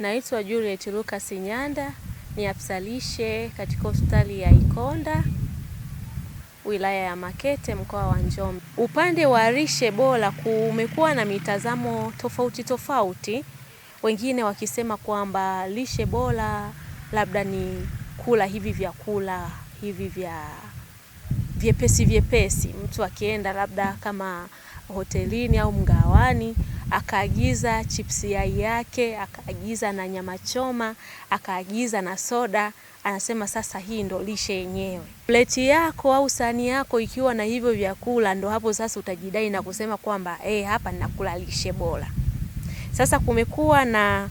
Naitwa Juliet Lucas Nyanda, ni afsalishe katika hospitali ya Ikonda wilaya ya Makete mkoa wa Njombe. Upande wa lishe bora kumekuwa na mitazamo tofauti tofauti, wengine wakisema kwamba lishe bora labda ni kula hivi vyakula hivi vya vyepesi vyepesi, mtu akienda labda kama hotelini au mgawani akaagiza chipsi yai yake, akaagiza na nyama choma, akaagiza na soda. Anasema sasa hii ndo lishe yenyewe. Pleti yako au sahani yako ikiwa na hivyo vyakula, ndo hapo sasa utajidai na kusema kwamba eh, hapa ninakula lishe bora. Sasa kumekuwa na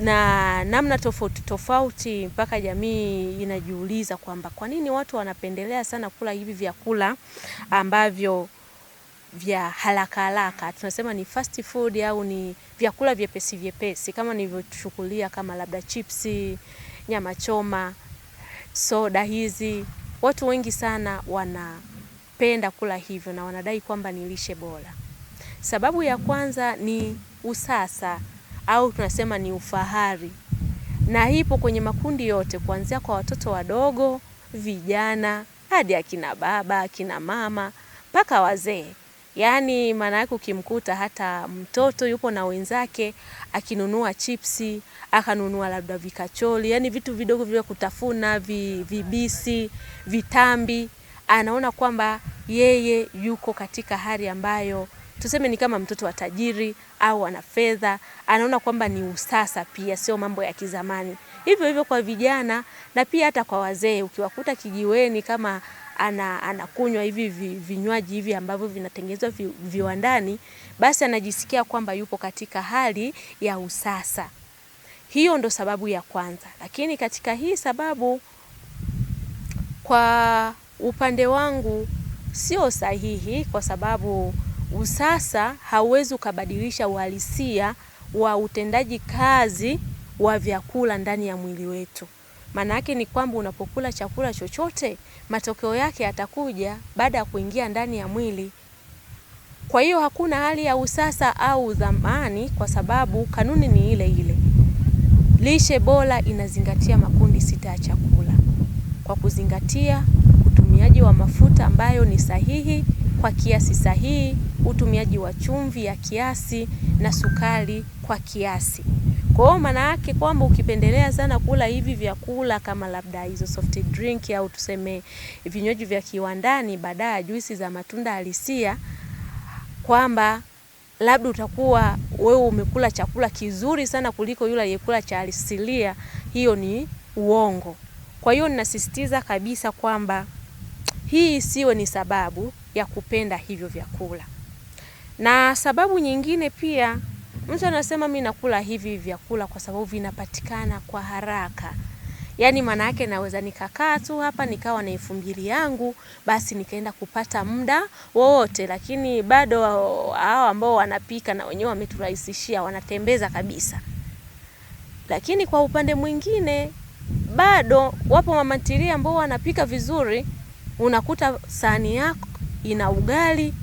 na namna tofauti tofauti mpaka jamii inajiuliza kwamba kwa nini watu wanapendelea sana kula hivi vyakula ambavyo vya haraka haraka, tunasema ni fast food au ni vyakula vyepesi vyepesi, kama nilivyochukulia kama labda chipsi, nyama choma, soda hizi. Watu wengi sana wanapenda kula hivyo na wanadai kwamba ni lishe bora. Sababu ya kwanza ni usasa au tunasema ni ufahari, na ipo kwenye makundi yote, kuanzia kwa watoto wadogo, vijana hadi akina baba, akina mama mpaka wazee. Yaani maana yake ukimkuta hata mtoto yupo na wenzake akinunua chipsi, akanunua labda vikacholi, yaani vitu vidogo vya kutafuna, vibisi, vitambi, anaona kwamba yeye yuko katika hali ambayo tuseme ni kama mtoto wa tajiri au ana fedha, anaona kwamba ni usasa pia, sio mambo ya kizamani. Hivyo hivyo kwa vijana na pia hata kwa wazee, ukiwakuta kijiweni kama ana, anakunywa hivi vinywaji hivi ambavyo vinatengenezwa vi, viwandani, basi anajisikia kwamba yupo katika hali ya usasa. Hiyo ndo sababu ya kwanza. Lakini katika hii sababu, kwa upande wangu sio sahihi, kwa sababu usasa hauwezi ukabadilisha uhalisia wa utendaji kazi wa vyakula ndani ya mwili wetu. Maana yake ni kwamba unapokula chakula chochote, matokeo yake yatakuja baada ya kuingia ndani ya mwili. Kwa hiyo hakuna hali ya usasa au zamani, kwa sababu kanuni ni ile ile. Lishe bora inazingatia makundi sita ya chakula kwa kuzingatia utumiaji wa mafuta ambayo ni sahihi kwa kiasi sahihi, utumiaji wa chumvi ya kiasi na sukari kwa kiasi. Kwa hiyo maana yake kwamba ukipendelea sana kula hivi vyakula kama labda hizo soft drink au tuseme vinywaji vya kiwandani badala ya juisi za matunda halisia, kwamba labda utakuwa wewe umekula chakula kizuri sana kuliko yule aliyekula cha asilia, hiyo ni uongo. Kwa hiyo ninasisitiza kabisa kwamba hii isiwe ni sababu ya kupenda hivyo vyakula. Na sababu nyingine pia Mtu anasema mi nakula hivi vyakula kwa sababu vinapatikana kwa haraka, yaani maana yake naweza nikakaa tu hapa nikawa na elfu mbili yangu basi nikaenda kupata muda wowote, lakini bado hao ambao wanapika na wenyewe wameturahisishia, wanatembeza kabisa. Lakini kwa upande mwingine bado wapo mamatiria ambao wanapika vizuri, unakuta sahani yako ina ugali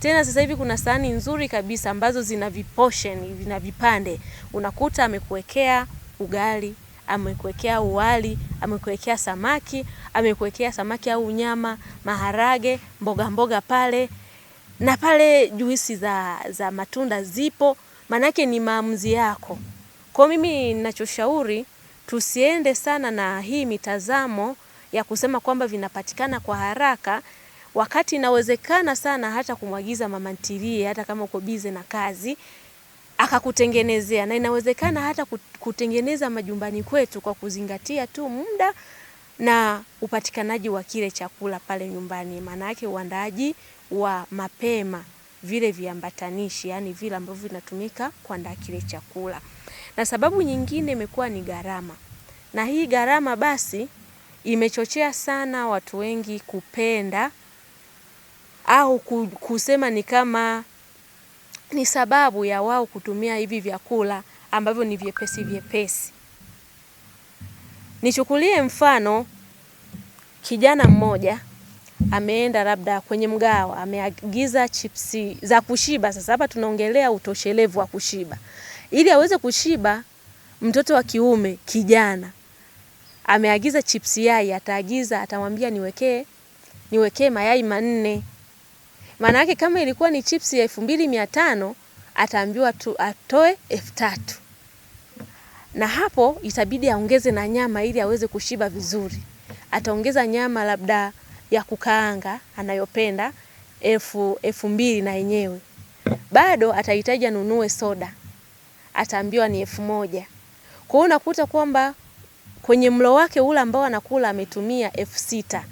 tena sasa hivi kuna sahani nzuri kabisa ambazo zina viportion, vina vipande. Unakuta amekuwekea ugali, amekuwekea uwali, amekuwekea samaki, amekuwekea samaki au nyama, maharage, mboga mboga pale na pale juisi za, za matunda zipo, manake ni maamuzi yako. Kwa mimi ninachoshauri tusiende sana na hii mitazamo ya kusema kwamba vinapatikana kwa haraka wakati inawezekana sana hata kumwagiza mama ntilie, hata kama uko bize na kazi akakutengenezea, na inawezekana hata kutengeneza majumbani kwetu kwa kuzingatia tu muda na upatikanaji wa kile chakula pale nyumbani, maana yake uandaaji wa mapema vile viambatanishi, yani vile ambavyo vinatumika kuandaa kile chakula. Na sababu nyingine imekuwa ni gharama, na hii gharama basi imechochea sana watu wengi kupenda au kusema ni kama ni sababu ya wao kutumia hivi vyakula ambavyo ni vyepesi vyepesi. Nichukulie mfano kijana mmoja ameenda labda kwenye mgawa, ameagiza chipsi za kushiba. Sasa hapa tunaongelea utoshelevu wa kushiba. Ili aweze kushiba, mtoto wa kiume kijana ameagiza chipsi yai, ataagiza atamwambia niwekee niwekee mayai manne. Maana yake kama ilikuwa ni chips ya elfu mbili mia tano ataambiwa tu atoe elfu tatu na hapo itabidi aongeze na nyama ili aweze kushiba vizuri. Ataongeza nyama labda ya kukaanga anayopenda elfu elfu mbili na yenyewe. Bado atahitaji anunue soda. Ataambiwa ni elfu moja. Kwa hiyo unakuta kwamba kwenye mlo wake ule ambao anakula ametumia elfu sita.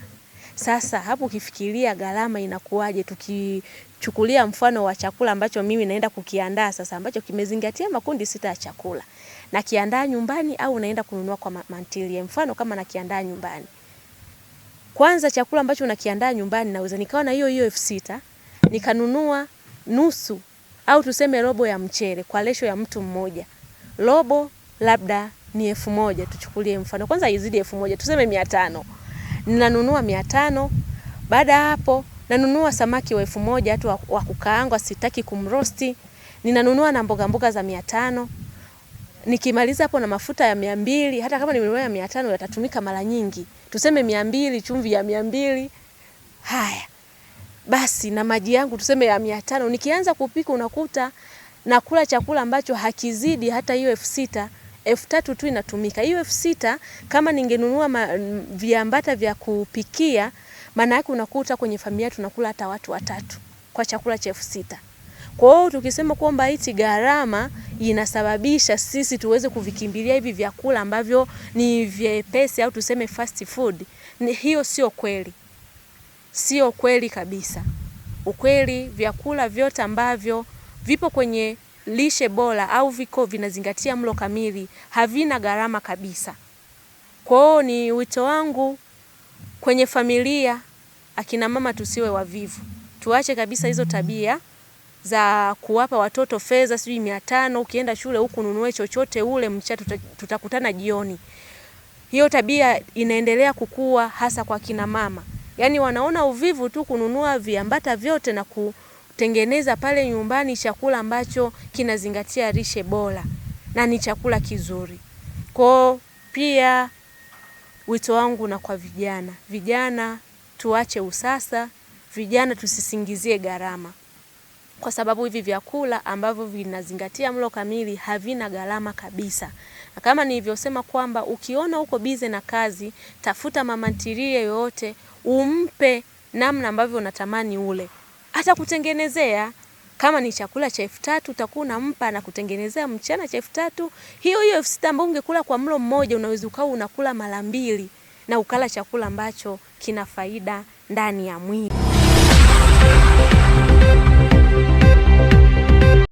Sasa hapo ukifikiria gharama inakuwaje, tukichukulia mfano wa chakula ambacho mimi naenda kukiandaa sasa, ambacho kimezingatia makundi sita ya chakula, nakiandaa nyumbani au naenda kununua kwa mantilie. Mfano kama nakiandaa nyumbani, kwanza chakula ambacho nakiandaa nyumbani naweza nikawa na hiyo hiyo elfu sita nikanunua nusu au tuseme robo ya mchele kwa lesho ya mtu mmoja, robo labda ni elfu moja tuchukulie mfano, kwanza izidi elfu moja tuseme mia tano ninanunua mia tano. Baada ya hapo nanunua samaki wa elfu moja tu wa kukaangwa, sitaki kumrosti. Ninanunua na mboga mboga za mia tano. Nikimaliza hapo na mafuta ya mia mbili, hata kama nimenunua ya mia tano yatatumika mara nyingi, tuseme mia mbili, chumvi ya mia mbili. Haya basi, na maji yangu tuseme ya mia tano. Nikianza kupika unakuta nakula chakula ambacho hakizidi hata hiyo elfu sita elfu tatu tu inatumika. Hiyo elfu sita kama ningenunua viambata vya kupikia, maana yake unakuta kwenye familia tunakula hata watu watatu kwa chakula cha elfu sita. Kwa hiyo tukisema kwamba hichi gharama inasababisha sisi tuweze kuvikimbilia hivi vyakula ambavyo ni vyepesi au tuseme fast food, ni hiyo sio kweli, sio kweli kabisa. Ukweli vyakula vyote ambavyo vipo kwenye lishe bora au viko vinazingatia mlo kamili havina gharama kabisa. Kwa ni wito wangu kwenye familia, akina mama tusiwe wavivu, tuache kabisa hizo tabia za kuwapa watoto fedha, sijui mia tano, ukienda shule huku nunue chochote ule, mcha tutakutana jioni. Hiyo tabia inaendelea kukua hasa kwa kina mama, yaani wanaona uvivu tu kununua viambata vyote na ku tengeneza pale nyumbani chakula ambacho kinazingatia lishe bora na ni chakula kizuri. Kwa pia wito wangu na kwa vijana, vijana tuache usasa, vijana tusisingizie gharama. Kwa sababu hivi vyakula ambavyo vinazingatia mlo kamili havina gharama kabisa. Na kama nilivyosema kwamba ukiona uko bize na kazi, tafuta mama yoyote, umpe namna ambavyo unatamani ule atakutengenezea kama ni chakula cha elfu tatu utakuwa unampa na kutengenezea mchana cha elfu tatu hiyo hiyo elfu sita ambayo ungekula kwa mlo mmoja, unaweza ukawa unakula mara mbili na ukala chakula ambacho kina faida ndani ya mwili.